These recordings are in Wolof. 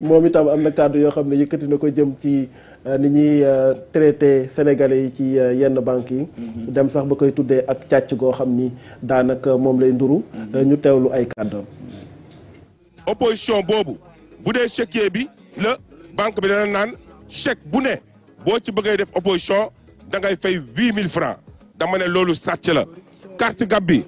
moom itam am na kàddu yoo xam ne yëkkati na ko jëm ci euh, ni ñuy euh, traité sénégalais yi ci euh, yenn banque yi. Mm-hmm. dem sax ba koy tuddee ak càcc goo xam ni daanaka moom lay nduru. Mm-hmm. ñu teewlu ay kàddoom. opposition boobu bu dee chéquier bi la banque bi dana naan chèque bu ne boo ci bëggee def opposition da ngay fay huit mille francs dama ne loolu sàcc la. carte gab bi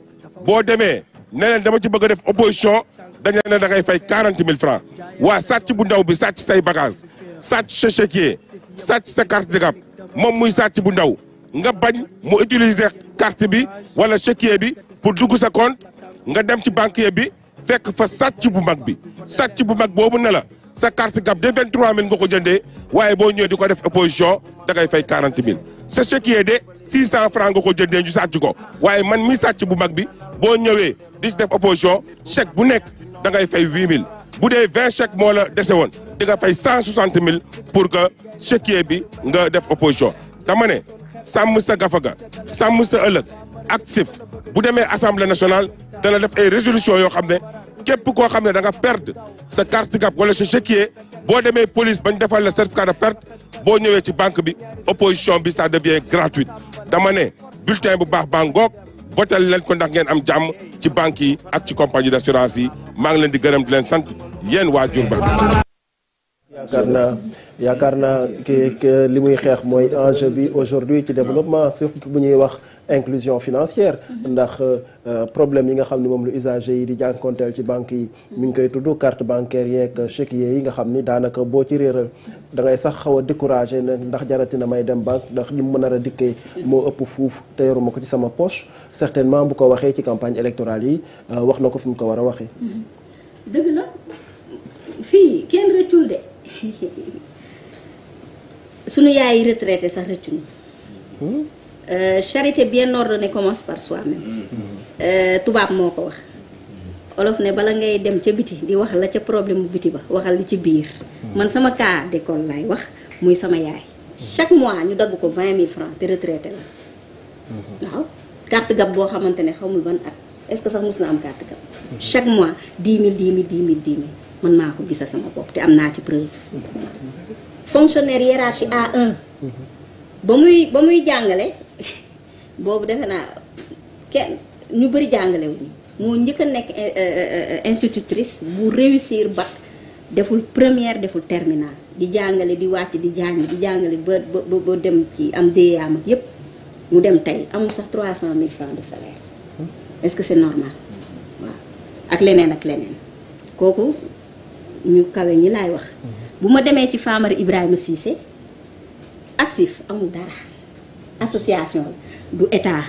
boo demee neneen dama ci bëgg a def opposition dañ ne da ngay fay quarante mille francs waa sàcc bu ndaw bi sàcc say bagage sàcc sa chéquier sàcc sa carte gab moom muy sàcc bu ndaw nga bañ mu utiliser carte bi wala chéquier bi pour dugg sa compte nga dem ci banquier bi fekk fa sàcc bu mag bi sàcc bu mag boobu ne la sa carte gab de vingt trois mille nga ko jëndee waaye boo ñëwee di ko def opposition da ngay fay quarante mille sa chéquier de six cent francs nga ko jëndee ñu sàcc ko waaye man mi sàcc bu mag bi boo ñëwee di def opposition chèque bu nekk da ngay fay huit mille bu dee vingt chèques moo la dese woon di nga fay cent soixante mille pour que chéquier bi nga def opposition dama ne sàmm sa gafaga sàmm sa ëllëg ak actif bu demee assemblée nationale dana def ay résolution yoo xam ne képp koo xam ne da nga perdre sa carte gab wala sa chéquier boo demee police bañ defal la certificat de perte boo ñëwee ci banque bi opposition bi ça devient gratuite dama ne bulletin bu baax baa votel leen ko ndax ngeen am jàmm ci banques yi ak ci compagnie d'assurance yi maa ngi leen di gërëm di leen sant yéen waa Diourbel yaakaar naa yaakaar naa ki li muy xeex mooy enjeu bi aujourd'hui ci développement surtout bu ñuy wax inclusion financière ndax euh, euh, problème yi nga xam ne moom lu usager yi di jànkonteel ci banque yi mi ngi koy tudd carte bancaire yeeg chéquier yi nga xam ni daanaka boo ci réeral dangay sax xaw a découragé ne ndax jaratina may dem banque ndax li mu mën a dikkee moo ëpp fuuf te yoruma ko ci sama poche certainement bu ko waxee ci campagne électorale yi euh, wax na ko fi mu ko war a waxee mm-hmm. dëgg la fii kenn rëccul de sunu yaay retraité sax rëccu Euh, charité bien ordonnée commence par soi-même mm-hmm. euh, tubaab moo ko wax olof ne bala ngay dem ca biti di wax la ca problème bu biti ba waxal li ci biir mm-hmm. man sama cas d'école laay wax muy sama yaay chaque mois ñu dagg ko vingt mille francs te retraité la mm-hmm. waaw carte gab boo xamante ne xamul ban at est-ce que sax mus na am carte mois dix mille dix mille mille dix mille man maa ko gisa sama bopp te am naa ci preuve fonctionnaire hiérarchie A1 ba muy ba muy jàngale boobu defe naa kenn ñu bëri jàngale moo njëkk a nekk eh, eh, eh, institutrice bu réussir bac deful première deful terminale di jàngale di wàcc di jàngi di jàngale ba ba ba dem ci am déeyaam ak yépp mu dem tey amul sax 300 000 francs de salaire hmm. est-ce que c'est normal waaw ak leneen ak leneen kooku ñu kawe ñi laay wax hmm. bu ma demee ci Famara Ibrahima Cissé actif amul dara association du état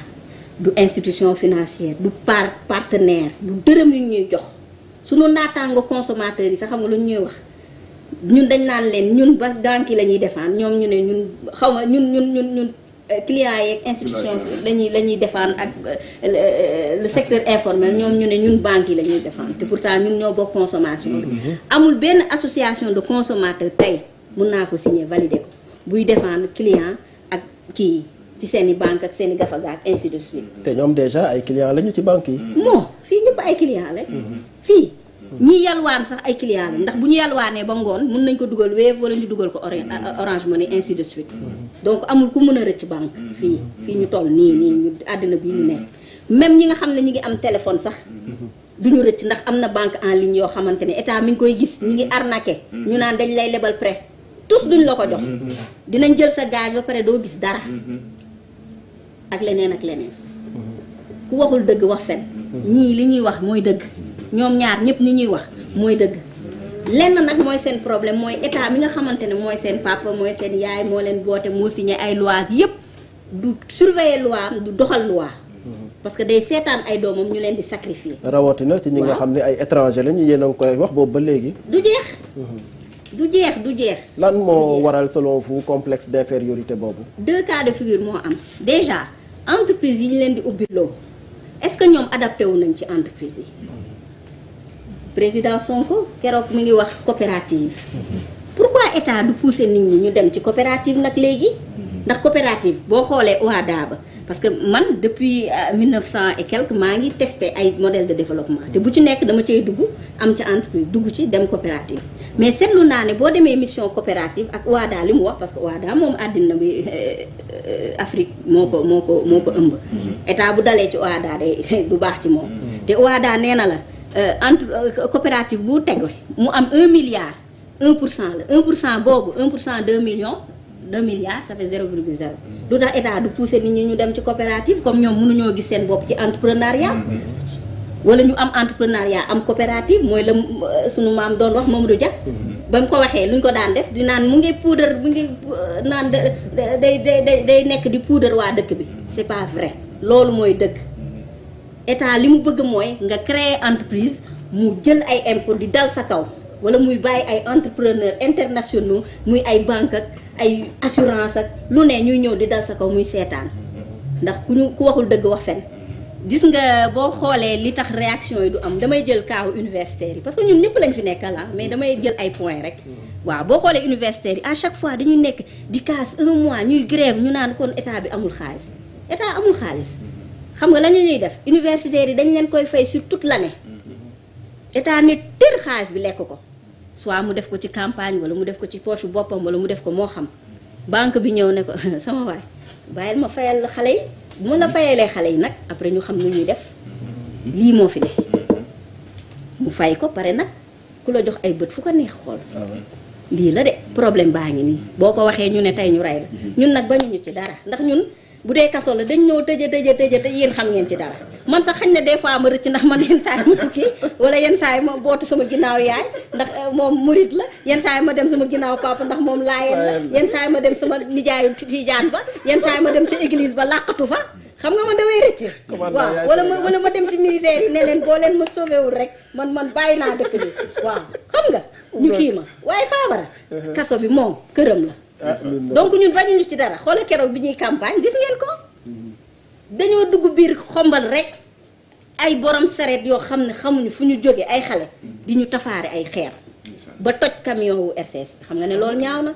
du institution financière du par partenaire du dërëm yu ñuy jox sunu naataango consommateurs yi sax xam nga lu ñuy wax ñun dañ laa leen ñun ba banque yi la ñuy défendre ñoom ñu ne ñun xaw ma ñun ñun ñun ñun euh, clients yeeg institution lañuy la ñuy défendre ak euh, le secteur informel ñoom ñu ne ñun banque yi la ñuy défendre te pourtant ñun ñoo bokk consommation bi mhm. amul benn association de consommateur tey mun naa ko signer valider ko buy defaan client ak kii ci seen i banque ak seen i gafagaak ainsi de suite. te ñoom déjà ay clients lañu ci banque yi. non fii ñëpp ay clients lañ. fii ñii yalwaan sax ay clients lañ ndax bu ñu yalwaanee ba ngoon mun nañ ko dugal Wave wala ñu dugal ko mm. euh, Orange Money ainsi de suite. Mm. donc amul ku mun a rëcc banque. Mm. fii fii ñu toll nii nii ñu àddina bii ñu nekk même ñi nga xam ne ñu ngi am téléphone sax. Mm-hmm. duñu rëcc ndax am na banque en ligne yoo xamante ne état mi ngi koy gis ñi ngi arnaqué mm-hmm. ñu naan dañ lay lebal prêt tous duñ la ko jox mm-hmm. dinañ jël sa gage ba pare doo gis dara ak leneen ak leneen ku waxul dëgg wax fen ñii li ñuy wax mooy dëgg ñoom ñaar ñëpp ñi ñuy wax mooy dëgg lenn nag mooy seen problème mooy état mi nga xamante ne mooy seen papa mooy seen yaay moo leen boote moo signé ay loi yëpp du surveiller loi am du doxal loi parce que day seetaan ay doomam ñu leen di sacrifier rawatina ci ñi nga xam ne ay étranger lañu yéen a ngi koy wax boobu ba léegi du jeex mhm. du jeex du jeex lan moo waral solo vous complexe d'infériorité boobu deux cas de figure moo am déjà entreprise yi ñu leen di ubbiloo est-ce que ñoom adapté wu nañ ci entreprise yi président Sonko keroog mu ngi wax coopérative pourquoi état du pousser nit ñi ñu dem ci coopérative nag léegi ndax coopérative boo xoolee OHADA ba parce que man depuis 1900 euh, et quelque maa ngi testé ay modèle de développement te bu ci nekk dama cay dugg am ca entreprise dugg ci dem coopérative mais seetlu naa ne boo demee mission coopérative ak waadaa li mu wax parce que waadaa moom àddina bi euh, euh, Afrique moo ko moo ko moo ko ëmb. Mm-hmm. état bu dalee ci waadaa day du baax ci moom. Mm-hmm. te waadaa nee na la euh, entre coopérative bu teg mu am 1 milliard 1 pour cent la pour cent boobu 1 pour cent 2 millions. 2 milliards ça mm-hmm. du tax état du pousser nit ñi ñu dem ci coopérative comme ñoom mu ñoo gis seen bopp ci entrepreneuriat. wala ñu am entrepreneuriat am coopérative mooy la euh, suñu maam doon wax Mamadou Dia. Mm-hmm. ba mu ko waxee luñ ko daan def di naan mu ngi puudar mu ngi euh, naan day day day day nekk di puudar waa dëkk bi c'est pas vrai loolu mooy dëkk mm-hmm. état li mu bëgg mooy nga créer entreprise mu jël ay import di dal sa kaw wala muy bàyyi ay entrepreneurs internationaux muy ay banque ak ay assurance ak lu ne ñuy ñëw di dal sa kaw muy seetaan mm-hmm. ndax ku ñu ku waxul dëgg wax fen dis nga boo xoolee li tax réaction yi du am damay jël kaawu universitaire yi parce que ñun ñëpp lañ fi nekka la ah mais damay jël ay points rek waaw boo xoolee universitaire yi à chaque fois dañuy nekk di casse un mois ñuy grève ñu naan kon état bi amul xaalis état amul xaalis xam nga la ñuy def universitaire yi dañu leen koy fay sur toute l'année état nit tër xaalis bi lekk ko soit mu def ko ci campagne wala mu def ko ci poche boppam wala mu def ko moo xam banque bi ñëw ne ko sama waay bàyyil ma fayal xale yi mu la fayalee xale yi nag après ñu xam nu ñuy def lii moo fi ne mu fay ko pare nag ku la jox ay bët fu ko neex xool ah lii la de problème baa ngi nii boo ko waxee ñu ne tey ñu rey la mhm. ñun nag bañuñu ci dara ndax ñun bu dee kaso la dañ ñëw tëja tëja tëja te yéen xam ngeen ci dara man sax xañ ne dee fois ma rëcc ndax man yenn saa yi ma tukki wala yenn saa yi ma bootu sama ginnaaw yaay ndax euh, moom murit la yenn saa ma dem sama ginnaaw papa ndax moom laayeen la yenn saa ma dem sama nijaayu tijaan ba yenn saa yi ma dem ca église ba làqatu fa xam nga man damay rëcc waaw wala ma wala ma dem ci militaire yi ne leen boo leen ma sauvéwul rek man man bàyyi naa dëkk bi waaw xam nga ñu kii ma waaye faabara uh-huh. kaso bi moom këram la ah, donc ñun bañuñu ci dara xoola keroog bi ñuy campagne gis ngeen ko dañoo dugg biir xombal rek ay borom sareet yoo xam ne xamuñu fu ñu jógee ay xale di ñu tafaare ay xeer ba toj camion wu RTS xam nga ne loolu ñaaw na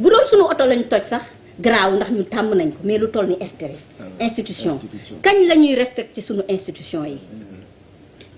bu doon suñu oto lañ toj sax garaaw ndax ñu tàmm nañ ko mais lu toll ni RTS institution kañ la ñuy ci suñu institution yi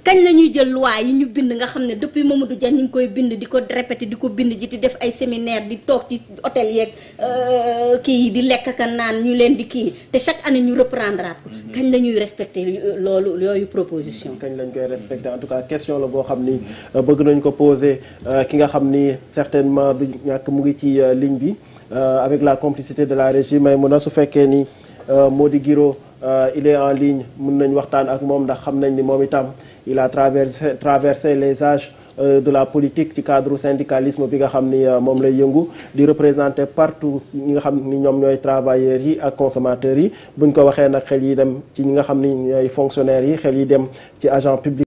kañ la ñuy jël loi yi ñu bind nga xam ne depuis Mamadou Dia ñu ngi koy bind di ko répété di ko bind ji di def ay séminaire di toog ci hôtel yeeg euh, kii yi di lekk ka naan ñu leen di kii te chaque année ñu reprendre ko mhm. kañ la ñuy respecté loolu yooyu proposition. kañ lañ koy respecté en tout cas question la boo xam ni euh, bëgg nañ ko poser euh, ki nga xam ni certainement du ñàkk mu ngi ci ligne bi avec la complicité de la régie Maïmouna su fekkee ni. Euh, moo di Guiro euh, il est en ligne mën nañu waxtaan ak moom ndax xam nañ ni moom itam il a traversé traversé les âges euh, de la politique ci cadre syndicalisme bi nga xam ni moom lay yëngu di représenter partout ñi nga xam ni ñoom ñooy travailleurs yi ak consommateurs yi buñ ko waxee nag xel yi dem ci ñi nga xam ni ñooy fonctionnaires yi xel yi dem ci agent public